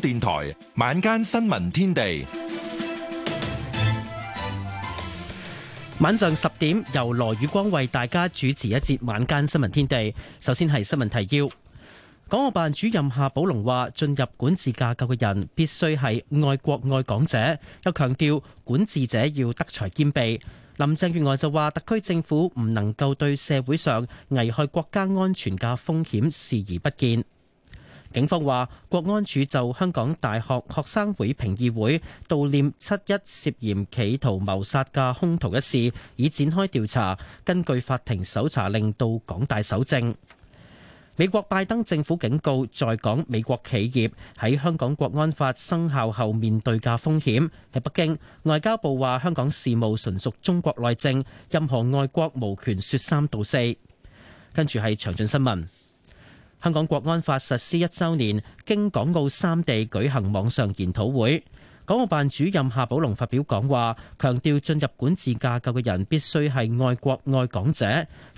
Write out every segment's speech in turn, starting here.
電台晚間新聞天地，晚上十點由羅宇光為大家主持一節晚間新聞天地。首先係新聞提要。港澳辦主任夏寶龍話：進入管治架構嘅人必須係愛國愛港者，又強調管治者要德才兼備。林鄭月娥就話：特區政府唔能夠對社會上危害國家安全嘅風險視而不見。警方話，國安處就香港大學學生會評議會悼念七一涉嫌企圖謀殺嘅兇徒一事，已展開調查，根據法庭搜查令到港大搜證。美國拜登政府警告在港美國企業喺香港國安法生效後面對嘅風險。喺北京，外交部話香港事務純屬中國內政，任何外國無權説三道四。跟住係詳盡新聞。香港國安法實施一週年，經港澳三地舉行網上研討會，港澳辦主任夏寶龍發表講話，強調進入管治架構嘅人必須係愛國愛港者，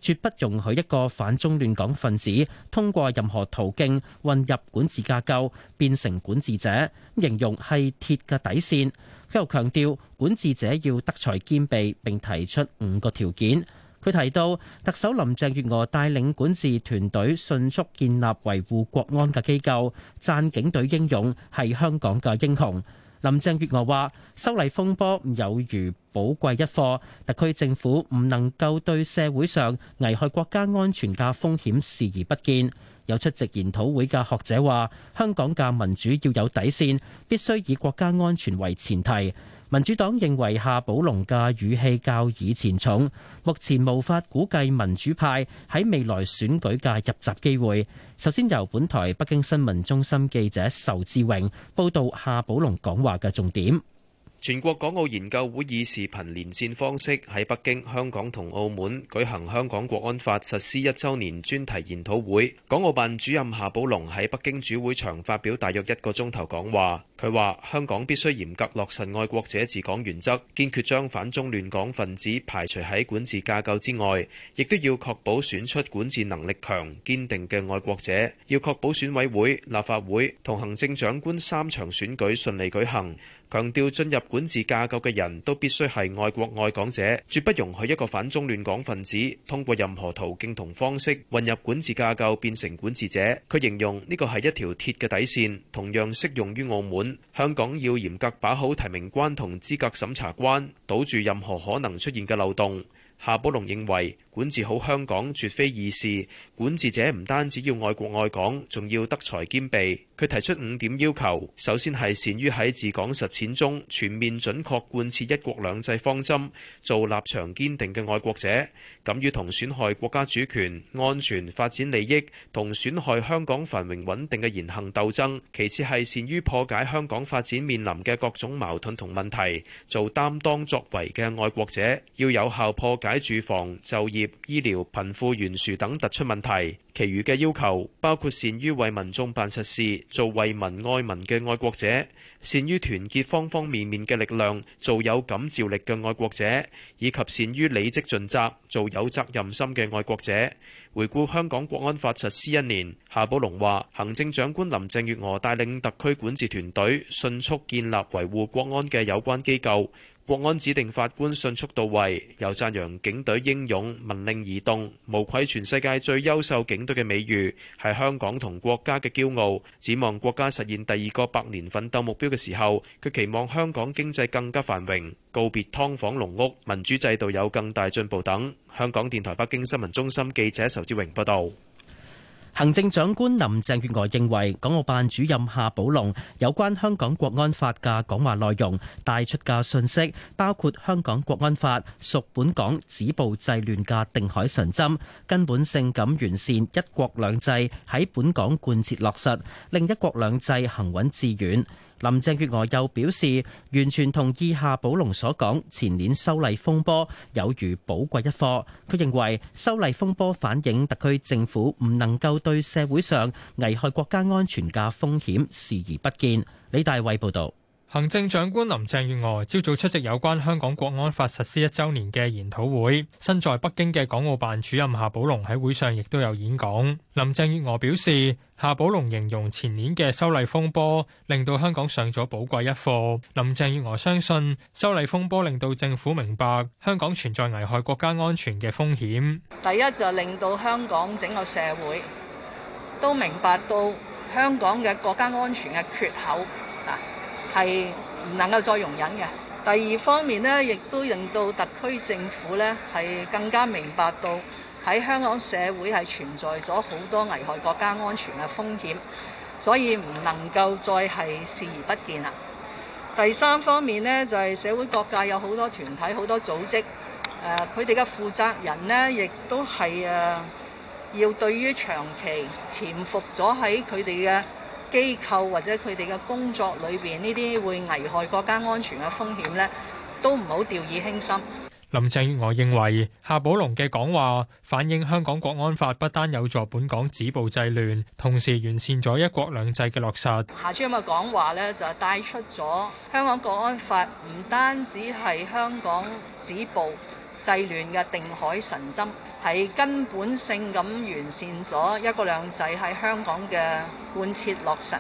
絕不容許一個反中亂港分子通過任何途徑混入管治架構，變成管治者，形容係鐵嘅底線。佢又強調管治者要德才兼備，並提出五個條件。佢提到，特首林鄭月娥帶領管治團隊迅速建立維護國安嘅機構，讚警隊英勇係香港嘅英雄。林鄭月娥話修例風波有如寶貴一課，特區政府唔能夠對社會上危害國家安全嘅風險視而不見。有出席研討會嘅學者話香港嘅民主要有底線，必須以國家安全為前提。民主黨認為夏寶龍嘅語氣較以前重，目前無法估計民主派喺未來選舉嘅入閘機會。首先由本台北京新聞中心記者仇志榮報導夏寶龍講話嘅重點。全國港澳研究會以視頻連線方式喺北京、香港同澳門舉行香港國安法實施一週年專題研討會。港澳辦主任夏寶龍喺北京主會場發表大約一個鐘頭講話。佢話：香港必須嚴格落實愛國者治港原則，堅決將反中亂港分子排除喺管治架構之外，亦都要確保選出管治能力強、堅定嘅愛國者。要確保選委會、立法會同行政長官三場選舉順利舉行。強調進入管治架構嘅人都必須係愛國愛港者，絕不容許一個反中亂港分子通過任何途徑同方式混入管治架構變成管治者。佢形容呢個係一條鐵嘅底線，同樣適用於澳門、香港，要嚴格把好提名關同資格審查關，堵住任何可能出現嘅漏洞。夏寶龍認為。管治好香港絕非易事，管治者唔單止要愛國愛港，仲要德才兼備。佢提出五點要求：首先係善於喺治港實踐中全面準確貫徹一國兩制方針，做立場堅定嘅愛國者，敢於同損害國家主權、安全、發展利益同損害香港繁榮穩定嘅言行鬥爭；其次係善於破解香港發展面臨嘅各種矛盾同問題，做擔當作為嘅愛國者，要有效破解住房、就業、醫療、貧富懸殊等突出問題。其餘嘅要求包括善於為民眾辦實事、做為民愛民嘅愛國者，善於團結方方面面嘅力量、做有感召力嘅愛國者，以及善於履職盡責、做有責任心嘅愛國者。回顧香港國安法實施一年，夏寶龍話，行政長官林鄭月娥帶領特區管治團隊，迅速建立維護國安嘅有關機構。國安指定法官迅速到位，又讚揚警隊英勇、聞令而動，無愧全世界最優秀警隊嘅美譽，係香港同國家嘅驕傲。展望國家實現第二個百年奮鬥目標嘅時候，佢期望香港經濟更加繁榮，告別劏房籠屋，民主制度有更大進步等。香港電台北京新聞中心記者仇志榮報道。行政長官林鄭月娥認為，港澳辦主任夏寶龍有關香港國安法嘅講話內容帶出嘅信息，包括香港國安法屬本港止暴制亂嘅定海神針，根本性咁完善一國兩制喺本港貫徹落實，令一國兩制行穩致遠。林鄭月娥又表示，完全同意夏寶龍所講，前年修例風波有如寶貴一課。佢認為修例風波反映特區政府唔能夠對社會上危害國家安全嘅風險視而不見。李大偉報道。行政長官林鄭月娥朝早出席有關香港國安法實施一周年嘅研討會。身在北京嘅港澳辦主任夏寶龍喺會上亦都有演講。林鄭月娥表示，夏寶龍形容前年嘅修例風波令到香港上咗寶貴一課。林鄭月娥相信，修例風波令到政府明白香港存在危害國家安全嘅風險。第一就令到香港整個社會都明白到香港嘅國家安全嘅缺口啊。係唔能夠再容忍嘅。第二方面呢，亦都令到特區政府呢，係更加明白到喺香港社會係存在咗好多危害國家安全嘅風險，所以唔能夠再係視而不見啦。第三方面呢，就係、是、社會各界有好多團體、好多組織，誒、呃，佢哋嘅負責人呢，亦都係誒、呃、要對於長期潛伏咗喺佢哋嘅機構或者佢哋嘅工作裏邊呢啲會危害國家安全嘅風險呢，都唔好掉以輕心。林鄭月娥認為夏寶龍嘅講話反映香港國安法不單有助本港止暴制亂，同時完善咗一國兩制嘅落實。夏主任嘅講話呢就帶出咗香港國安法唔單止係香港止暴制亂嘅定海神針。係根本性咁完善咗一國兩制喺香港嘅貫徹落實，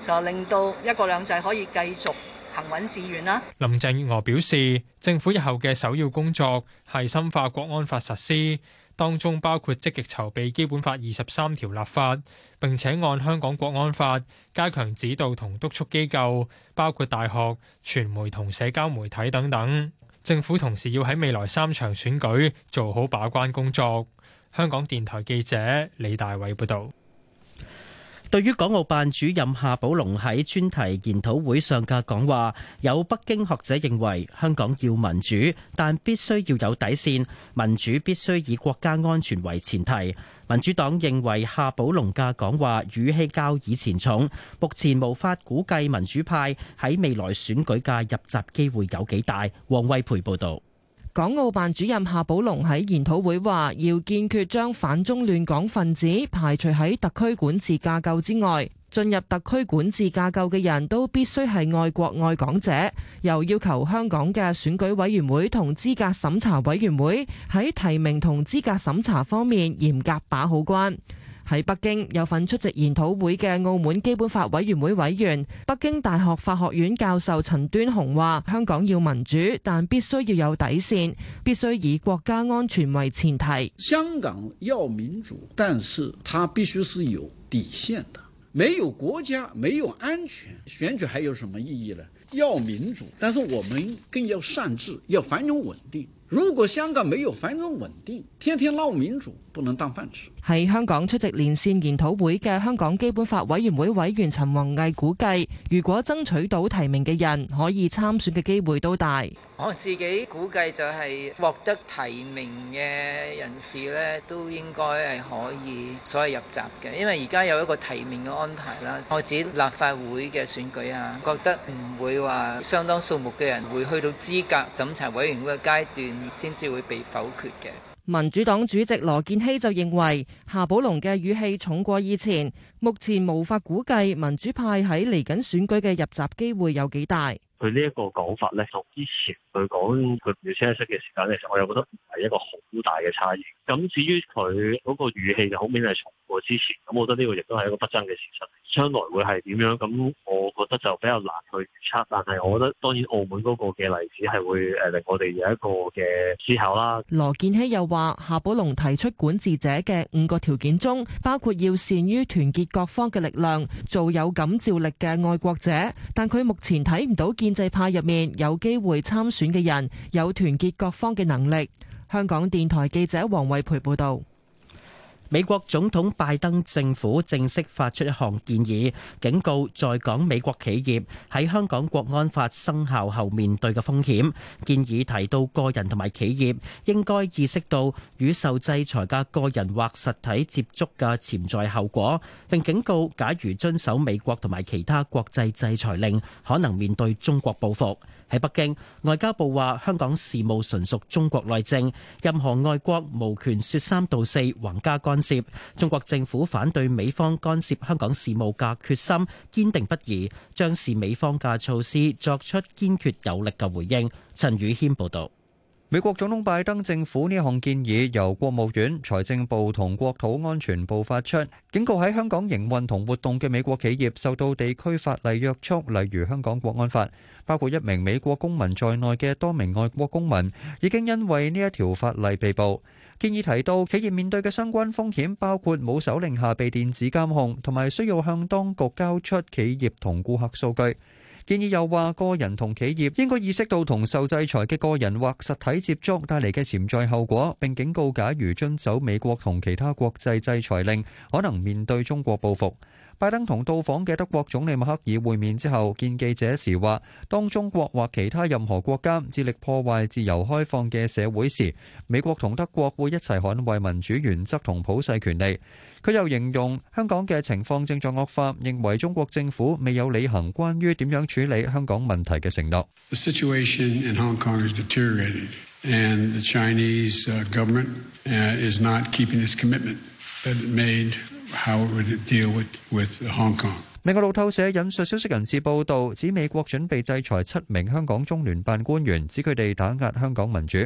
就令到一國兩制可以繼續行穩致遠啦。林鄭月娥表示，政府日後嘅首要工作係深化國安法實施，當中包括積極籌備基本法二十三條立法，並且按香港國安法加強指導同督促機構，包括大學、傳媒同社交媒體等等。政府同時要喺未來三場選舉做好把關工作。香港電台記者李大偉報導。對於港澳辦主任夏寶龍喺專題研討會上嘅講話，有北京學者認為香港要民主，但必須要有底線，民主必須以國家安全為前提。民主黨認為夏寶龍嘅講話語氣較以前重，目前無法估計民主派喺未來選舉嘅入閘機會有幾大。黃威培報導。港澳辦主任夏寶龍喺研討會話，要堅決將反中亂港分子排除喺特區管治架構之外，進入特區管治架構嘅人都必須係愛國愛港者，又要求香港嘅選舉委員會同資格審查委員會喺提名同資格審查方面嚴格把好關。喺北京有份出席研討會嘅澳門基本法委員會委員、北京大學法學院教授陳端雄話：香港要民主，但必須要有底線，必須以國家安全為前提。香港要民主，但是它必須是有底線的。沒有國家，沒有安全，選舉還有什麼意義呢？要民主，但是我們更要善治，要繁榮穩定。如果香港沒有繁榮穩定，天天鬧民主，不能當飯吃。喺香港出席連線研討會嘅香港基本法委員會委員陳宏毅估計，如果爭取到提名嘅人，可以參選嘅機會都大。我自己估計就係、是、獲得提名嘅人士咧，都應該係可以所謂入閘嘅，因為而家有一個提名嘅安排啦。我指立法會嘅選舉啊，覺得唔會話相當數目嘅人會去到資格審查委員會嘅階段，先至會被否決嘅。民主黨主席羅建熙就認為夏寶龍嘅語氣重過以前。目前無法估計民主派喺嚟緊選舉嘅入閘機會有幾大。佢呢一個講法咧，同 之前佢講佢要提出嘅時間咧，其實我又覺得唔係一個好大嘅差異。咁至於佢嗰個語氣就好明顯係重過之前，咁我覺得呢個亦都係一個不爭嘅事實。將來會係點樣？咁我覺得就比較難去預測。但係我覺得當然澳門嗰個嘅例子係會誒令我哋有一個嘅思考啦。羅健熙又話：夏寶龍提出管治者嘅五個條件中，包括要善於團結各方嘅力量做有感召力嘅愛國者，但佢目前睇唔到建制派入面有機會參選嘅人有團結各方嘅能力。香港電台記者黃慧培報道。美國總統拜登政府正式發出一項建議，警告在港美國企業喺香港國安法生效後面對嘅風險，建議提到個人同埋企業應該意識到與受制裁嘅個人或實體接觸嘅潛在後果，並警告假如遵守美國同埋其他國際制裁令，可能面對中國報復喺北京，外交部話香港事務純屬中國內政，任何外國無權説三道四、橫加干涉。中國政府反對美方干涉香港事務嘅決心堅定不移，將視美方嘅措施作出堅決有力嘅回應。陳宇軒報道。美國總統拜登政府呢項建議由國務院、財政部同國土安全部發出警告，喺香港營運同活動嘅美國企業受到地區法例約束，例如香港國安法，包括一名美國公民在內嘅多名外國公民已經因為呢一條法例被捕。建議提到，企業面對嘅相關風險包括冇手令下被電子監控，同埋需要向當局交出企業同顧客數據。建議又話，個人同企業應該意識到同受制裁嘅個人或實體接觸帶嚟嘅潛在後果，並警告假如遵守美國同其他國際制裁令，可能面對中國報復。拜登同到訪嘅德國總理默克爾會面之後，見記者時話：當中國或其他任何國家致力破壞自由開放嘅社會時，美國同德國會一齊捍衞民主原則同普世權利。佢又形容香港嘅情況正在惡化，認為中國政府未有履行關於點樣處理香港問題嘅承諾。The situation in Hong Kong has deteriorated, and the Chinese government is not keeping its commitment that it made. 美國路透社引述消息人士報道，指美國準備制裁七名香港中聯辦官員，指佢哋打壓香港民主。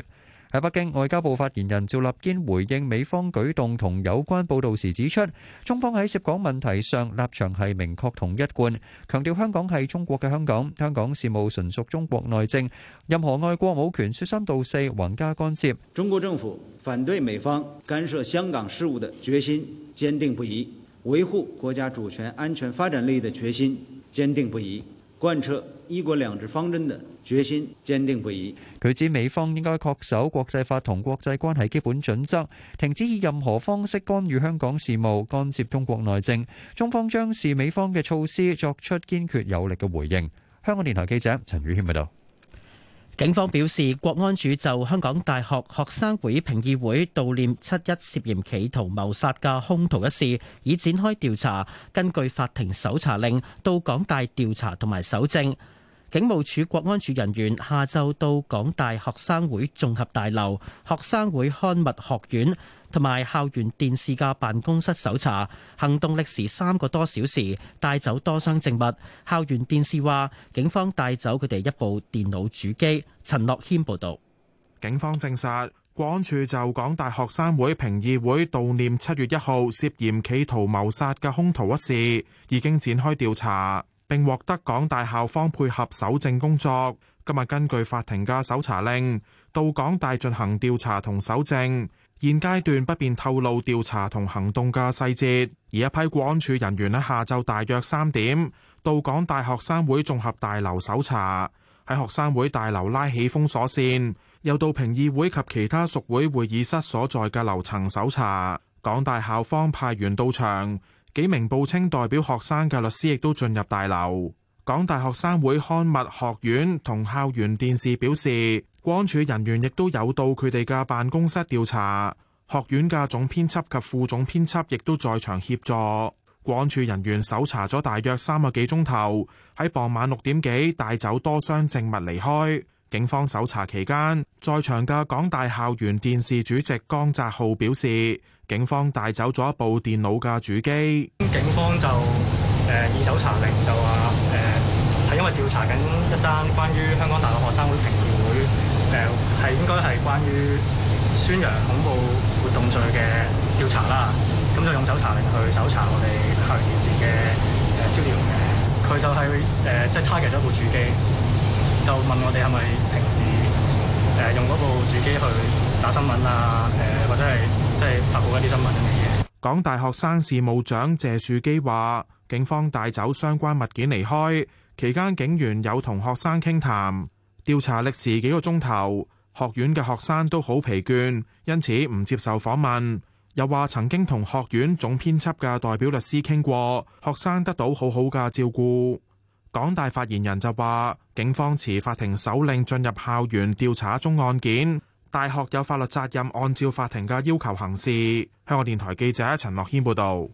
喺北京，外交部發言人趙立堅回應美方舉動同有關報導時指出，中方喺涉港問題上立場係明確同一貫，強調香港係中國嘅香港，香港事務純屬中國內政，任何外國冇權説三道四，橫加干涉。中國政府反對美方干涉香港事務的決心堅定不移，維護國家主權、安全、發展利益的決心堅定不移。貫徹一國兩制方針的決心堅定不移。佢指美方應該恪守國際法同國際關係基本準則，停止以任何方式干預香港事務、干涉中國內政。中方將視美方嘅措施作出堅決有力嘅回應。香港電台記者陳宇軒報道。警方表示，國安處就香港大學學生會評議會悼念七一涉嫌企圖謀殺嘅兇徒一事，已展開調查。根據法庭搜查令，到港大調查同埋搜證。警務處國安處人員下晝到港大學生會綜合大樓、學生會刊物學院。同埋校園電視嘅辦公室搜查行動，歷時三個多小時，帶走多箱證物。校園電視話，警方帶走佢哋一部電腦主機。陳樂謙報道，警方證實，國安處就港大學生會評議會悼念七月一號涉嫌企圖謀殺嘅凶徒一事，已經展開調查，並獲得港大校方配合搜證工作。今日根據法庭嘅搜查令，到港大進行調查同搜證。現階段不便透露調查同行動嘅細節，而一批國安處人員喺下晝大約三點到港大學生會綜合大樓搜查，喺學生會大樓拉起封鎖線，又到評議會及其他屬會會議室所在嘅樓層搜查。港大校方派員到場，幾名報稱代表學生嘅律師亦都進入大樓。港大學生會刊物學院同校園電視表示，國安處人員亦都有到佢哋嘅辦公室調查，學院嘅總編輯及副總編輯亦都在場協助。國安處人員搜查咗大約三個幾鐘頭，喺傍晚六點幾帶走多箱證物離開。警方搜查期間，在場嘅港大校園電視主席江澤浩表示，警方帶走咗一部電腦嘅主機。警方就誒、呃，以搜查令就話。因為調查緊一單關於香港大學學生會評議會誒，係應該係關於宣揚恐怖活動罪嘅調查啦。咁就用搜查令去搜查我哋校園電視嘅資料。佢就係誒，即係 target 咗部主機，就問我哋係咪平時誒用嗰部主機去打新聞啊？誒或者係即係發布一啲新聞咁嘅嘢。港大學生事務長謝樹基話：警方帶走相關物件離開。期間警員有同學生傾談，調查歷時幾個鐘頭，學院嘅學生都好疲倦，因此唔接受訪問。又話曾經同學院總編輯嘅代表律師傾過，學生得到好好嘅照顧。港大發言人就話：警方持法庭手令進入校園調查一宗案件，大學有法律責任按照法庭嘅要求行事。香港電台記者陳樂軒報導。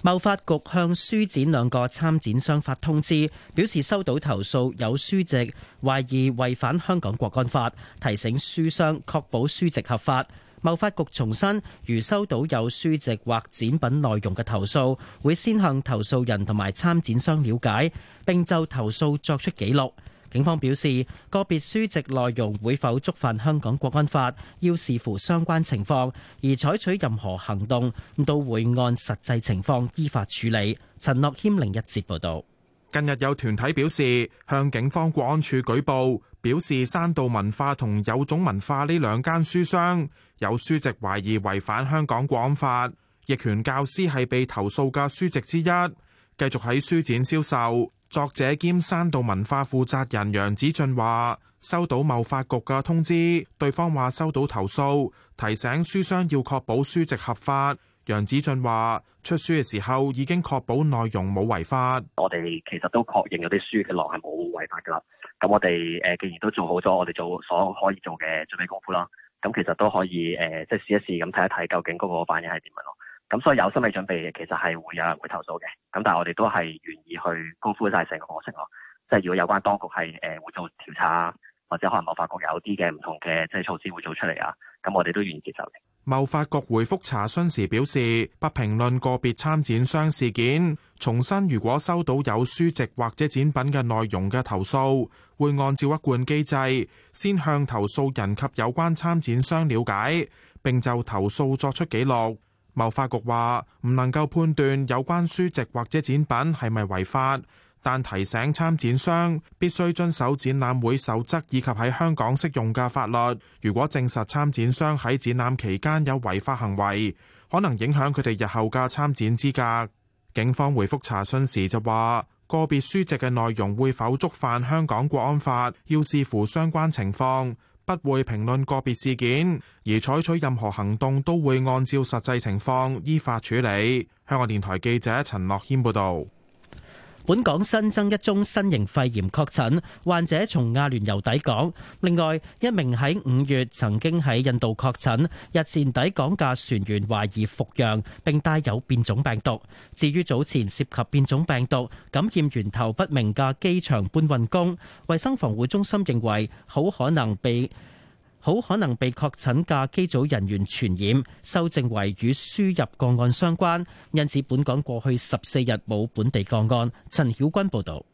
貿發局向書展兩個參展商發通知，表示收到投訴有書籍，懷疑違反香港國安法，提醒書商確保書籍合法。貿發局重申，如收到有書籍或展品內容嘅投訴，會先向投訴人同埋參展商了解，並就投訴作出記錄。警方表示，個別書籍內容會否觸犯香港國安法，要視乎相關情況，而採取任何行動都會按實際情況依法處理。陳樂謙另一節報道。近日有團體表示向警方國安處舉報，表示山道文化同有種文化呢兩間書商有書籍懷疑違反香港國安法，逆權教師係被投訴嘅書籍之一，繼續喺書展銷售。作者兼山道文化負責人楊子俊話：收到貿發局嘅通知，對方話收到投訴，提醒書商要確保書籍合法。楊子俊話：出書嘅時候已經確保內容冇違法。我哋其實都確認有啲書嘅落係冇違法噶啦。咁我哋誒，既然都做好咗，我哋做所有可以做嘅準備功夫啦。咁其實都可以誒，即係試一試咁睇一睇，究竟嗰個反應係點樣咯。咁所以有心理準備嘅，其實，係會有人會投訴嘅。咁但係，我哋都係願意去高呼晒成個過程咯。即係，如果有關當局係誒會做調查或者可能貿發局有啲嘅唔同嘅即係措施會做出嚟啊，咁我哋都願意接受嘅，貿發局回覆查詢時表示，不評論個別參展商事件。重申，如果收到有書籍或者展品嘅內容嘅投訴，會按照一貫機制，先向投訴人及有關參展商了解，並就投訴作出記錄。貿發局話唔能夠判斷有關書籍或者展品係咪違法，但提醒參展商必須遵守展覽會守則以及喺香港適用嘅法律。如果證實參展商喺展覽期間有違法行為，可能影響佢哋日後嘅參展資格。警方回復查詢時就話，個別書籍嘅內容會否觸犯香港國安法，要視乎相關情況。不會評論個別事件，而採取任何行動都會按照實際情況依法處理。香港電台記者陳樂謙報道。本港新增一宗新型肺炎確診，患者從阿聯酋抵港。另外，一名喺五月曾經喺印度確診，日前抵港嘅船員懷疑復陽，並帶有變種病毒。至於早前涉及變種病毒、感染源頭不明嘅機場搬運工，衛生防護中心認為好可能被。好可能被確診嘅機組人員傳染，修正為與輸入個案相關，因此本港過去十四日冇本地個案。陳曉君報導。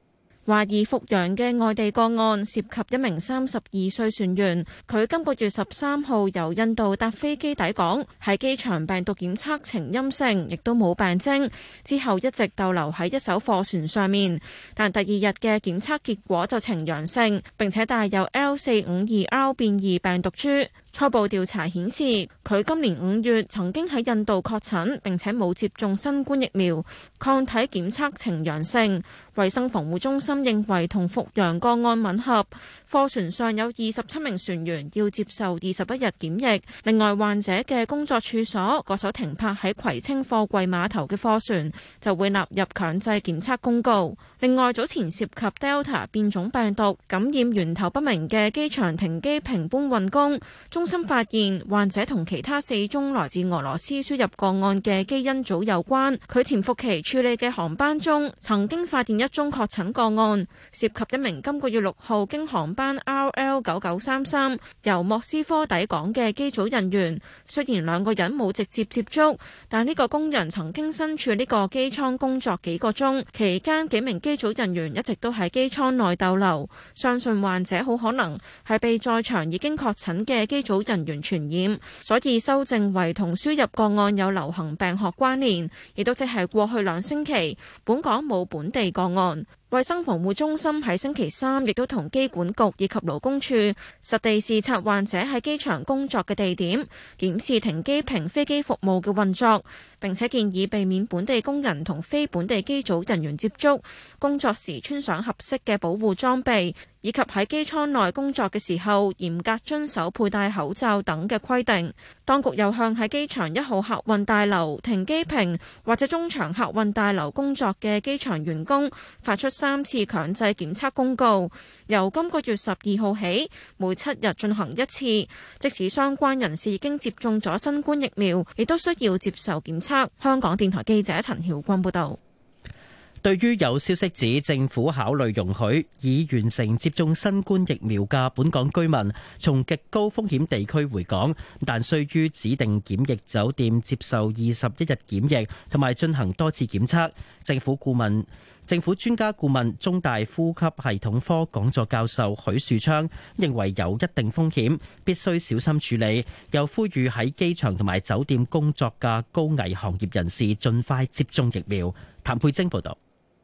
懷疑復陽嘅外地個案涉及一名三十二歲船員，佢今個月十三號由印度搭飛機抵港，喺機場病毒檢測呈陰性，亦都冇病徵，之後一直逗留喺一艘貨船上面，但第二日嘅檢測結果就呈陽性，並且帶有 L 四五二 R 變異病毒株。初步調查顯示，佢今年五月曾經喺印度確診，並且冇接種新冠疫苗，抗體檢測呈陽性。衛生防護中心認為同復陽個案吻合。貨船上有二十七名船員要接受二十一日檢疫，另外患者嘅工作處所嗰艘停泊喺葵青貨櫃碼頭嘅貨船就會納入強制檢測公告。另外早前涉及 Delta 變種病毒感染源頭不明嘅機場停機坪搬運工，中。中心發現患者同其他四宗來自俄羅斯輸入個案嘅基因組有關。佢潛伏期處理嘅航班中，曾經發現一宗確診個案，涉及一名今個月六號經航班 R L 九九三三由莫斯科抵港嘅機組人員。雖然兩個人冇直接接觸，但呢個工人曾經身處呢個機艙工作幾個鐘，期間幾名機組人員一直都喺機艙內逗留。相信患者好可能係被在場已經確診嘅機組。到人員傳染，所以修正為同輸入個案有流行病學關聯，亦都即係過去兩星期，本港冇本地個案。衛生防護中心喺星期三亦都同機管局以及勞工處實地視察患者喺機場工作嘅地點，檢視停機坪飛機服務嘅運作，並且建議避免本地工人同非本地機組人員接觸，工作時穿上合適嘅保護裝備，以及喺機艙內工作嘅時候嚴格遵守佩戴口罩等嘅規定。當局又向喺機場一號客運大樓停機坪或者中場客運大樓工作嘅機場員工發出三次強制檢測公告，由今個月十二號起，每七日進行一次。即使相關人士已經接種咗新冠疫苗，亦都需要接受檢測，香港電台記者陳曉君報道。對於有消息指政府考慮容許已完成接種新冠疫苗嘅本港居民從極高風險地區回港，但需於指定檢疫酒店接受二十一日檢疫，同埋進行多次檢測。政府顧問、政府專家顧問、中大呼吸系統科講座教授，教授許樹昌認為有一定風險，必須小心處理。又呼籲喺機場同埋酒店工作嘅高危行業人士盡快接種疫苗。譚佩晶報導。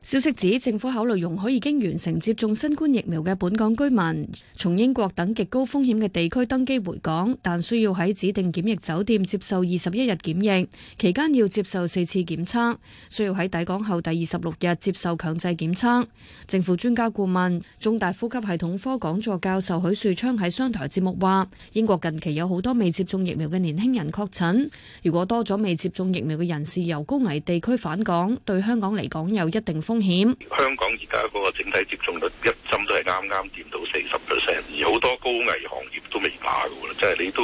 消息指政府考慮容許已經完成接種新冠疫苗嘅本港居民從英國等極高風險嘅地區登機回港，但需要喺指定檢疫酒店接受二十一日檢疫，期間要接受四次檢測，需要喺抵港後第二十六日接受強制檢測。政府專家顧問、中大呼吸系統科講座教授許樹昌喺商台節目話：英國近期有好多未接種疫苗嘅年輕人確診，如果多咗未接種疫苗嘅人士由高危地區返港，對香港嚟講有一定風險。香港而家嗰個整體接種率一針都係啱啱掂到四十 percent，而好多高危行業都未打噶，即係你都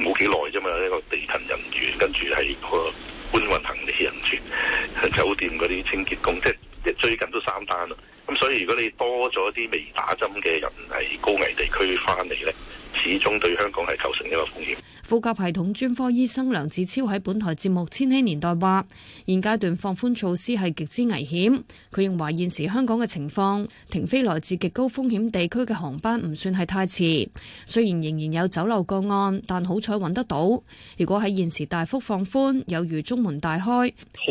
冇幾耐啫嘛。呢個地勤人員，跟住係個搬運行李人員，酒店嗰啲清潔工，即係最近都三單啦。咁所以如果你多咗啲未打針嘅人係高危地區翻嚟呢，始終對香港係構成一個風險。呼吸系統專科醫生梁子超喺本台節目《千禧年代》話：現階段放寬措施係極之危險。佢認為現時香港嘅情況，停飛來自極高風險地區嘅航班唔算係太遲。雖然仍然有走漏個案，但好彩揾得到。如果喺現時大幅放寬，有如中門大開，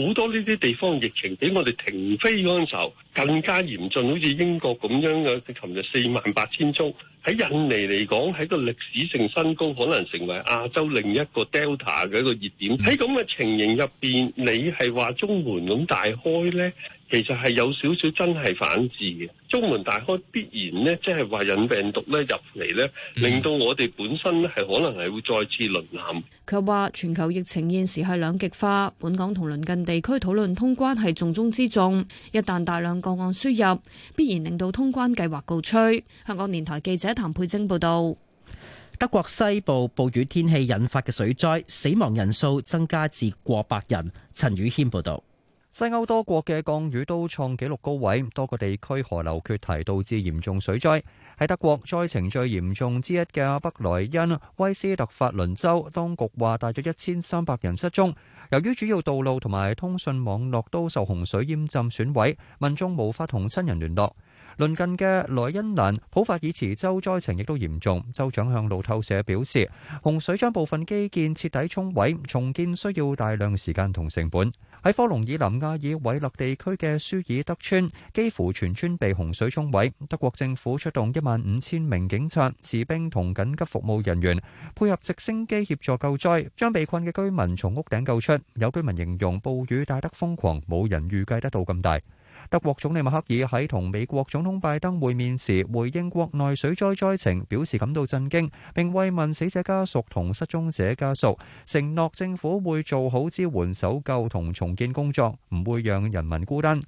好多呢啲地方疫情俾我哋停飛嗰陣時更加嚴峻，好似英國咁樣嘅，佢琴日四萬八千宗，喺印尼嚟講，係個歷史性新高，可能成為亞洲另一個 Delta 嘅一個熱點。喺咁嘅情形入邊，你係話中門咁大開咧？其實係有少少真係反智嘅，中門大開必然呢，即係話引病毒咧入嚟呢，令到我哋本身咧係可能係會再次淪陷。佢話、嗯：全球疫情現時係兩極化，本港同鄰近地區討論通關係重中之重。一旦大量個案輸入，必然令到通關計劃告吹。香港電台記者譚佩晶報導。德國西部暴雨天氣引發嘅水災，死亡人數增加至過百人。陳宇軒報導。西歐多國嘅降雨都創紀錄高位，多個地區河流決堤，導致嚴重水災。喺德國，災情最嚴重之一嘅北萊茵威斯特法倫州，當局話大約一千三百人失蹤。由於主要道路同埋通訊網絡都受洪水淹浸損毀，民眾無法同親人聯絡。鄰近嘅萊茵蘭普法爾茨州災情亦都嚴重。州長向路透社表示，洪水將部分基建徹底沖毀，重建需要大量時間同成本。喺科隆以南亞爾韋勒地區嘅舒爾德村，幾乎全村被洪水沖毀。德國政府出動一萬五千名警察、士兵同緊急服務人員，配合直升機協助救災，將被困嘅居民從屋頂救出。有居民形容暴雨大得瘋狂，冇人預計得到咁大。德國總理默克爾喺同美國總統拜登會面時，回應國內水災災情，表示感到震驚，並慰問死者家屬同失蹤者家屬，承諾政府會做好支援搜救同重建工作，唔會讓人民孤單。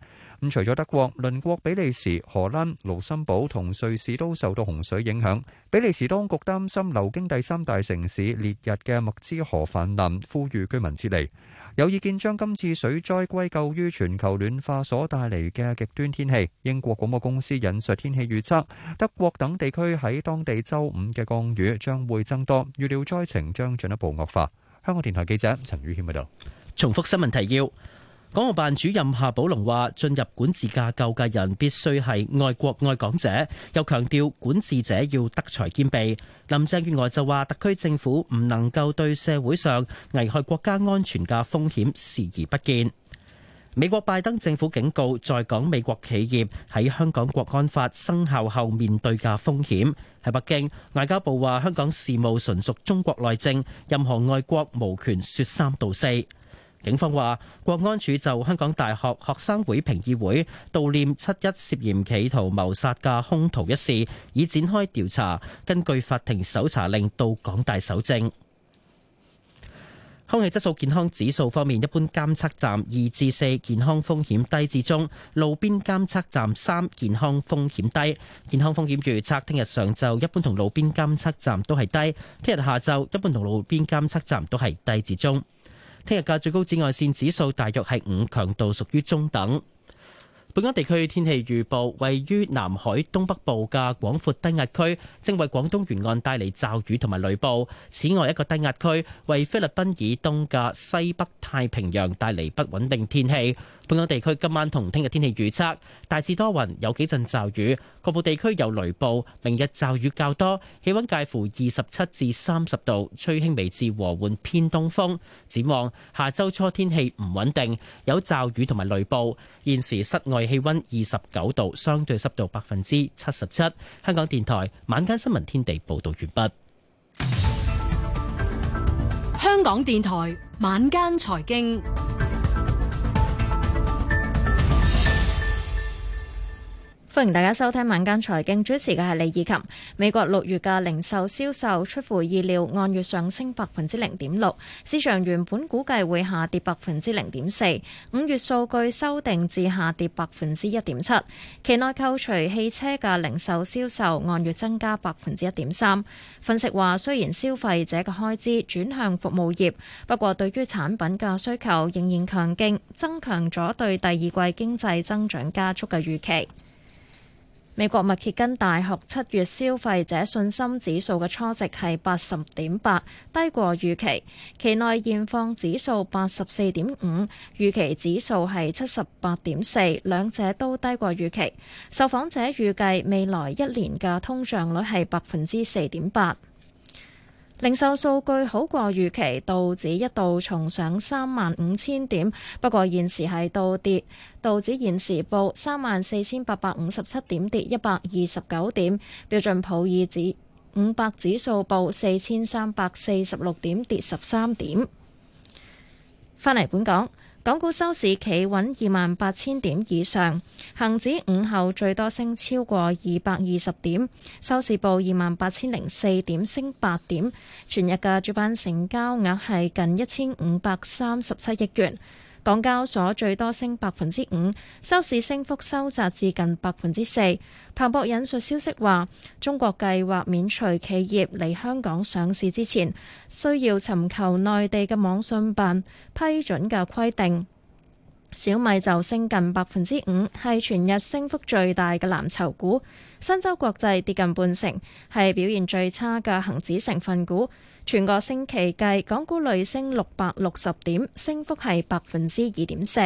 咁除咗德國，鄰國比利時、荷蘭、盧森堡同瑞士都受到洪水影響。比利時當局擔心流經第三大城市列日嘅默茲河泛濫，呼籲居民撤離。有意見將今次水災歸咎於全球暖化所帶嚟嘅極端天氣。英國廣播公司引述天氣預測，德國等地區喺當地周五嘅降雨將會增多，預料災情將進一步惡化。香港電台記者陳宇謙報道。重複新聞提要。港澳辦主任夏寶龍話：進入管治架構嘅人必須係愛國愛港者，又強調管治者要德才兼備。林鄭月娥就話：特區政府唔能夠對社會上危害國家安全嘅風險視而不見。美國拜登政府警告，在港美國企業喺香港國安法生效後面對嘅風險。喺北京，外交部話香港事務純屬中國內政，任何外國無權說三道四。警方話，國安處就香港大學學生會評議會悼念七一涉嫌企圖謀殺嘅兇徒一事，已展開調查。根據法庭搜查令到港大搜證。空氣質素健康指數方面，一般監測站二至四，健康風險低至中；路邊監測站三，健康風險低。健康風險預測：聽日上晝一般同路邊監測站都係低；聽日下晝一般同路邊監測站都係低至中。聽日嘅最高紫外線指數大約係五，強度屬於中等。本港地區天氣預報，位於南海東北部嘅廣闊低壓區，正為廣東沿岸帶嚟驟雨同埋雷暴。此外，一個低壓區為菲律賓以東嘅西北太平洋帶嚟不穩定天氣。本港地區今晚同聽日天氣預測大致多雲，有幾陣驟雨，局部地區有雷暴。明日驟雨較多，氣溫介乎二十七至三十度，吹輕微至和緩偏東風。展望下週初天氣唔穩定，有驟雨同埋雷暴。現時室外。氣溫二十九度，相對濕度百分之七十七。香港電台晚間新聞天地報道完畢。香港電台晚間財經。歡迎大家收聽晚間財經，主持嘅係李以琴。美國六月嘅零售銷售出乎意料，按月上升百分之零點六，市場原本估計會下跌百分之零點四。五月數據修訂至下跌百分之一點七。期內扣除汽車嘅零售銷售按月增加百分之一點三。分析話，雖然消費者嘅開支轉向服務業，不過對於產品嘅需求仍然強勁，增強咗對第二季經濟增長加速嘅預期。美國密歇根大學七月消費者信心指數嘅初值係八十點八，低過預期。期內現況指數八十四點五，預期指數係七十八點四，兩者都低過預期。受訪者預計未來一年嘅通脹率係百分之四點八。零售數據好過預期，道指一度重上三萬五千點，不過現時係倒跌，道指現時報三萬四千八百五十七點，跌一百二十九點；標準普爾指五百指數報四千三百四十六點，跌十三點。返嚟本港。港股收市企穩二萬八千點以上，恒指午後最多升超過二百二十點，收市報二萬八千零四點，升八點。全日嘅主板成交額係近一千五百三十七億元。港交所最多升百分之五，收市升幅收窄至近百分之四。彭博引述消息話，中國計劃免除企業嚟香港上市之前需要尋求內地嘅網信辦批准嘅規定。小米就升近百分之五，係全日升幅最大嘅藍籌股。申洲國際跌近半成，係表現最差嘅恒指成分股。全個星期計，港股累升六百六十點，升幅係百分之二點四。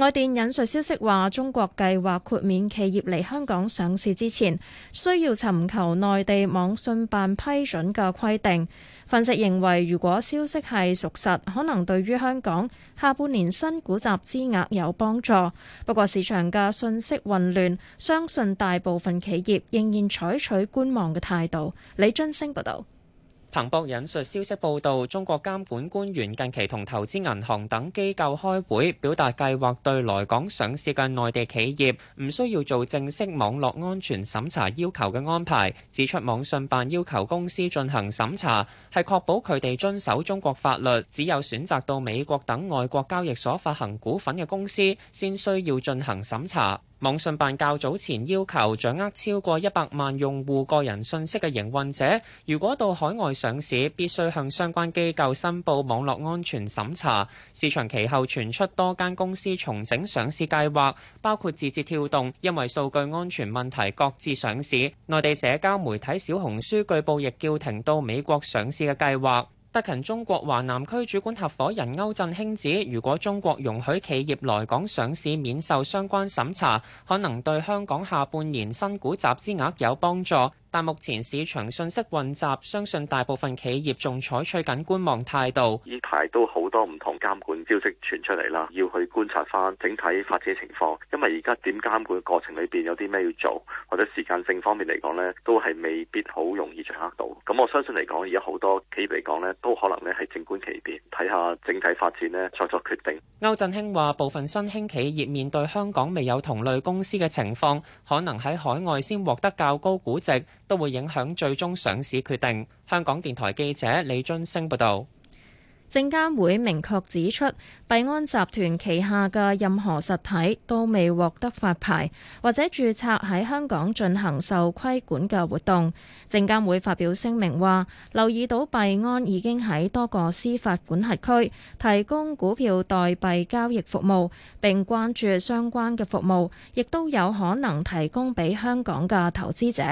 外電引述消息話，中國計劃豁免企業嚟香港上市之前需要尋求內地網信辦批准嘅規定。分析認為，如果消息係屬實，可能對於香港下半年新股集資額有幫助。不過市場嘅信息混亂，相信大部分企業仍然採取觀望嘅態度。李津升報道。彭博引述消息報道，中國監管官員近期同投資銀行等機構開會表達計劃對來港上市嘅內地企業唔需要做正式網絡安全審查要求嘅安排。指出網信辦要求公司進行審查，係確保佢哋遵守中國法律，只有選擇到美國等外國交易所發行股份嘅公司先需要進行審查。網信辦較早前要求掌握超過一百萬用戶個人信息嘅營運者，如果到海外上市，必須向相關機構申報網絡安全審查。市場其後傳出多間公司重整上市計劃，包括字節跳動因為數據安全問題擱置上市，內地社交媒體小紅書據報亦叫停到美國上市嘅計劃。德勤中國華南區主管合伙人歐振興指，如果中國容許企業來港上市免受相關審查，可能對香港下半年新股集資額有幫助。但目前市場信息混雜，相信大部分企業仲採取緊觀望態度。呢排都好多唔同監管消息傳出嚟啦，要去觀察翻整體發展情況。因為而家點監管過程裏邊有啲咩要做，或者時間性方面嚟講呢，都係未必好容易掌握到。咁我相信嚟講，而家好多企業嚟講呢，都可能呢係靜觀其變，睇下整體發展呢再作決定。歐振興話：部分新興企業面對香港未有同類公司嘅情況，可能喺海外先獲得較高估值。都會影響最終上市決定。香港電台記者李俊升報導，證監會明確指出。幣安集團旗下嘅任何實體都未獲得發牌或者注冊喺香港進行受規管嘅活動，證監會發表聲明話，留意到幣安已經喺多個司法管轄區提供股票代幣交易服務，並關注相關嘅服務，亦都有可能提供俾香港嘅投資者。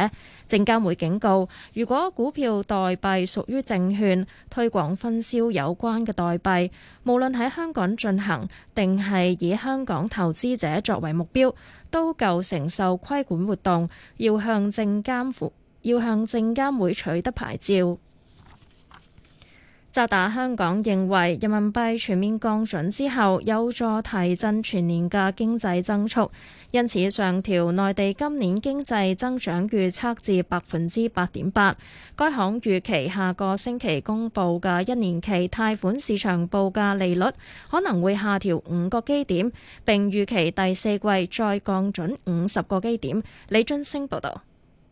證監會警告：如果股票代幣屬於證券，推廣分銷有關嘅代幣，無論喺香港。進行定係以香港投資者作為目標，都夠承受規管活動，要向證監，要向證監會取得牌照。渣打香港認為人民幣全面降準之後有助提振全年嘅經濟增速，因此上調內地今年經濟增長預測至百分之八點八。該行預期下個星期公布嘅一年期貸款市場報價利率可能會下調五個基點，並預期第四季再降準五十個基點。李俊升報導。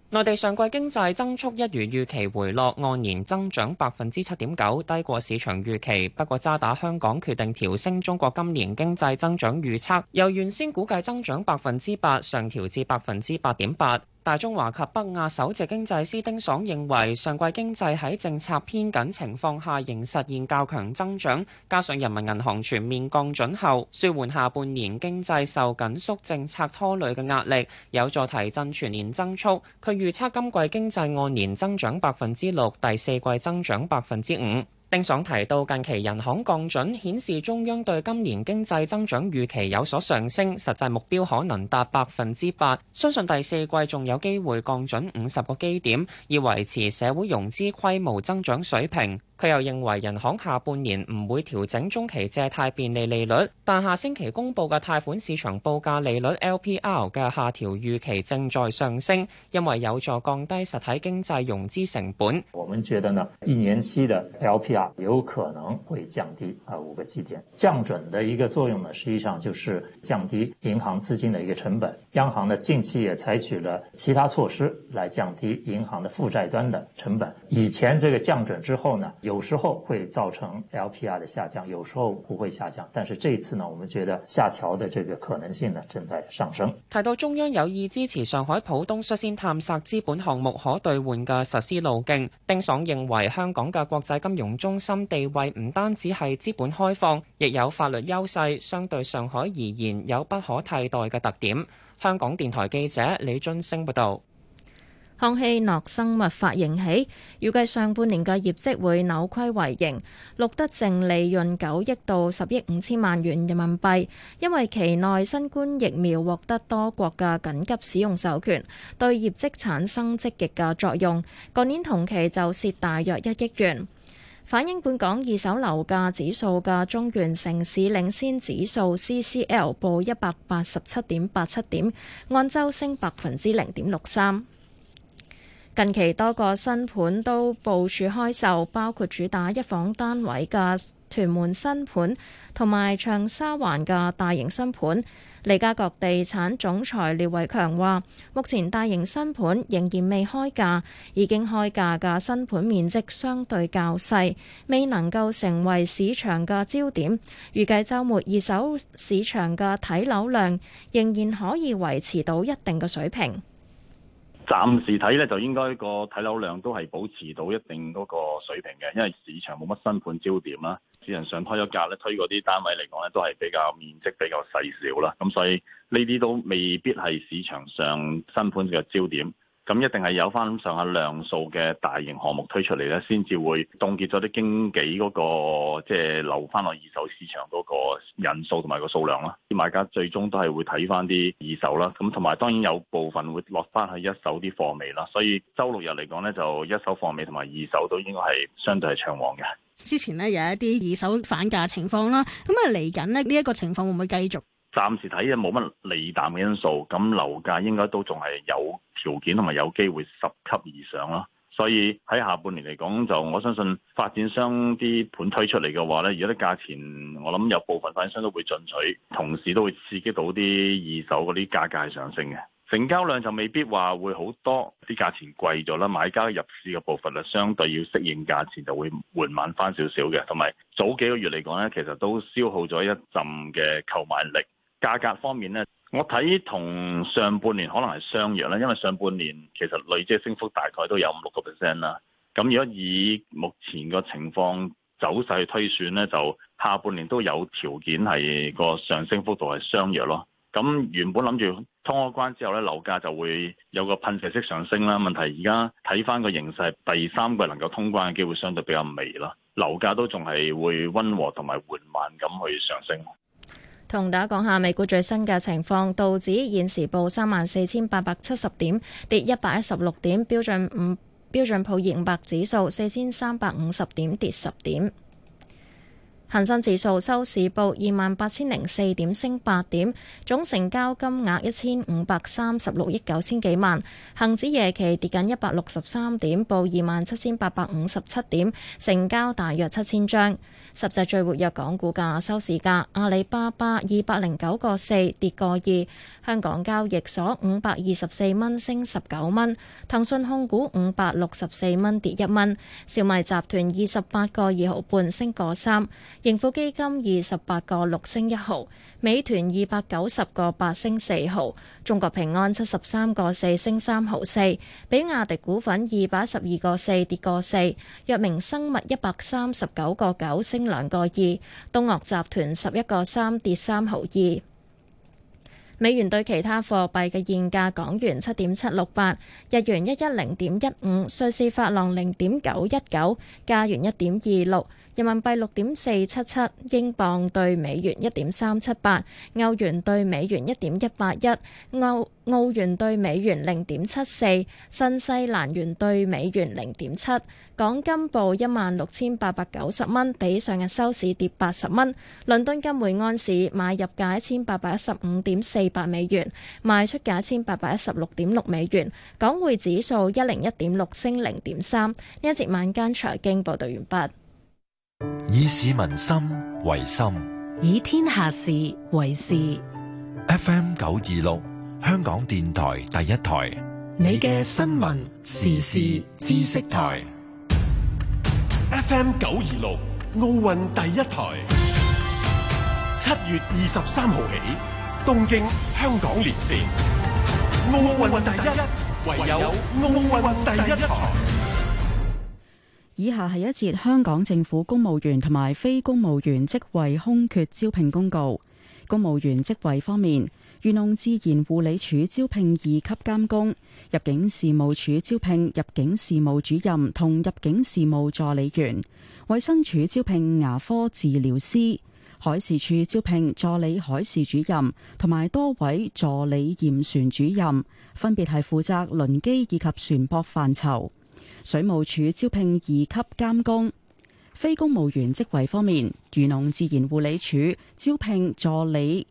內地上季經濟增速一如預期回落，按年增長百分之七點九，低過市場預期。不過，渣打香港決定調升中國今年經濟增長預測，由原先估計增長百分之八，上調至百分之八點八。大中華及北亞首席經濟師丁爽認為，上季經濟喺政策偏緊情況下仍實現較強增長，加上人民銀行全面降準後，舒緩下半年經濟受緊縮政策拖累嘅壓力，有助提振全年增速。佢預測今季經濟按年增長百分之六，第四季增長百分之五。丁爽提到，近期人行降準顯示中央對今年經濟增長預期有所上升，實際目標可能達百分之八。相信第四季仲有機會降準五十個基點，以維持社會融資規模增長水平。佢又認為人行下半年唔會調整中期借貸便利利率，但下星期公布嘅貸款市場報價利率 LPR 嘅下調預期正在上升，因為有助降低實體經濟融資成本。我們覺得呢一年期的 LPR 有可能會降低啊，五個基點。降準的一個作用呢，實際上就是降低銀行資金的一個成本。央行呢，近期也採取了其他措施來降低銀行的負債端的成本。以前這個降準之後呢，有時候會造成 LPR 的下降，有時候不會下降。但是這次呢，我們覺得下調的這個可能性呢正在上升。提到中央有意支持上海浦東率先探索資本項目可兌換的實施路徑，丁爽認為香港嘅國際金融中中心地位唔單止係資本開放，亦有法律優勢，相對上海而言有不可替代嘅特點。香港電台記者李津升報道，康希諾生物發盈喜，預計上半年嘅業績會扭虧為盈，錄得淨利潤九億到十億五千萬元人民幣。因為期內新冠疫苗獲得多國嘅緊急使用授權，對業績產生積極嘅作用。舊年同期就蝕大約一億元。反映本港二手樓價指數嘅中原城市領先指數 CCL 報一百八十七點八七點，按週升百分之零點六三。近期多個新盤都部署開售，包括主打一房單位嘅屯門新盤，同埋長沙灣嘅大型新盤。李家國地產總裁廖偉強話，目前大型新盤仍然未開價，已經開價嘅新盤面積相對較細，未能夠成為市場嘅焦點。預計週末二手市場嘅睇樓量仍然可以維持到一定嘅水平。暫時睇呢，就應該個睇樓量都係保持到一定嗰個水平嘅，因為市場冇乜新盤焦點啦。市場上開咗價咧，推嗰啲單位嚟講咧，都係比較面積比較細小啦。咁所以呢啲都未必係市場上新盤嘅焦點。咁一定係有翻咁上下量數嘅大型項目推出嚟咧，先至會凍結咗啲經紀嗰個，即係留翻落二手市場嗰個人數同埋個數量啦。啲買家最終都係會睇翻啲二手啦。咁同埋當然有部分會落翻去一手啲貨尾啦。所以周六日嚟講咧，就一手貨尾同埋二手都應該係相對係暢旺嘅。之前咧有一啲二手反價情況啦，咁啊嚟緊咧呢一個情況會唔會繼續？暫時睇咧冇乜利淡嘅因素，咁樓價應該都仲係有條件同埋有機會十級以上咯。所以喺下半年嚟講，就我相信發展商啲盤推出嚟嘅話咧，而家啲價錢我諗有部分發展商都會進取，同時都會刺激到啲二手嗰啲價格係上升嘅。成交量就未必話會好多，啲價錢貴咗啦，買家入市嘅部分咧，相對要適應價錢就會緩慢翻少少嘅。同埋早幾個月嚟講咧，其實都消耗咗一陣嘅購買力。價格方面咧，我睇同上半年可能係相若啦，因為上半年其實累積升幅大概都有五六個 percent 啦。咁如果以目前個情況走勢推算咧，就下半年都有條件係個上升幅度係相若咯。咁原本諗住通咗關之後咧，樓價就會有個噴射式上升啦。問題而家睇返個形勢，第三季能夠通關嘅機會相對比較微啦。樓價都仲係會溫和同埋緩慢咁去上升。同大家講下美股最新嘅情況，道指現時報三萬四千八百七十點，跌一百一十六點；標準五標準普爾五百指數四千三百五十點，跌十點。恒生指數收市報二萬八千零四點，升八點，總成交金額一千五百三十六億九千幾萬。恒指夜期跌緊一百六十三點，報二萬七千八百五十七點，成交大約七千張。十隻最活躍港股價收市價，阿里巴巴二百零九個四跌個二，香港交易所五百二十四蚊升十九蚊，騰訊控股五百六十四蚊跌一蚊，小米集團二十八個二毫半升個三。盈富基金二十八個六升一毫，美團二百九十個八升四毫，中國平安七十三個四升三毫四，比亞迪股份二百十二個四跌個四，藥明生物一百三十九個九升兩個二，東嶽集團十一個三跌三毫二。美元對其他貨幣嘅現價：港元七點七六八，日元一一零點一五，瑞士法郎零點九一九，加元一點二六。人民幣六點四七七，英鎊兌美元一點三七八，歐元兌美元一點一八一，澳澳元兌美元零點七四，新西蘭元兌美元零點七，港金報一萬六千八百九十蚊，比上日收市跌八十蚊。倫敦金每安士買入價一千八百一十五點四八美元，賣出價一千八百一十六點六美元。港匯指數一零一點六升零點三。呢一節晚間財經報道完畢。以市民心為心，以天下事為事。FM 九二六，香港電台第一台，你嘅新聞時事知識台。時事知識台 FM 九二六，奧運第一台。七月二十三號起，東京香港連線，奧運第一，第一唯有奧運第一台。以下係一節香港政府公務員同埋非公務員職位空缺招聘公告。公務員職位方面，漁農自然護理署招聘二級監工；入境事務處招聘入境事務主任同入境事務助理員；衛生署招聘牙科治療師；海事處招聘助理海事主任同埋多位助理驗船主任，分別係負責輪機以及船舶範疇。水務署招聘二級監工，非公務員職位方面，漁農自然護理署招聘助理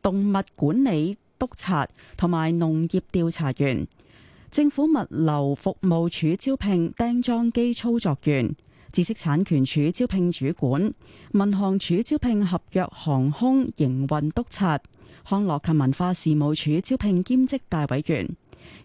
動物管理督察同埋農業調查員；政府物流服務署招聘釘裝機操作員；知識產權署招聘主管；民航署招聘合約航空營運督察；康樂及文化事務署招聘兼職大委員；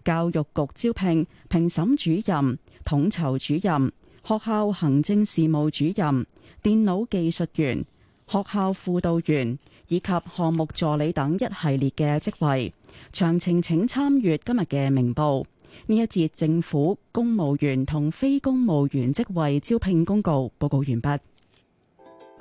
教育局招聘評審主任。統籌主任、學校行政事務主任、電腦技術員、學校輔導員以及項目助理等一系列嘅職位，詳情請參閱今日嘅明報。呢一節政府公務員同非公務員職位招聘公告。報告完畢。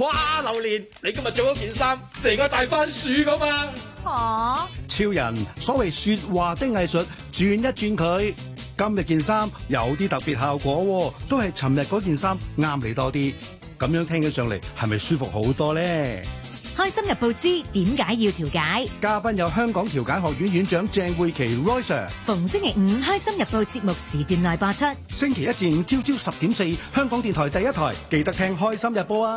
哇！榴蓮，你今日着嗰件衫成個大番薯咁啊！哦，超人所謂說話的藝術，轉一轉佢。今日件衫有啲特別效果，都係尋日嗰件衫啱你多啲。咁樣聽起上嚟係咪舒服好多咧？開心日報知點解要調解？嘉賓有香港調解學院院長鄭慧琪 Rosa。逢星期五開心日報節目時段內播出。星期一至五朝朝十點四，香港電台第一台記得聽開心日報啊！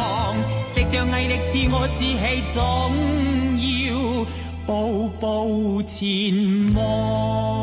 毅力自我志氣，總要步步前望。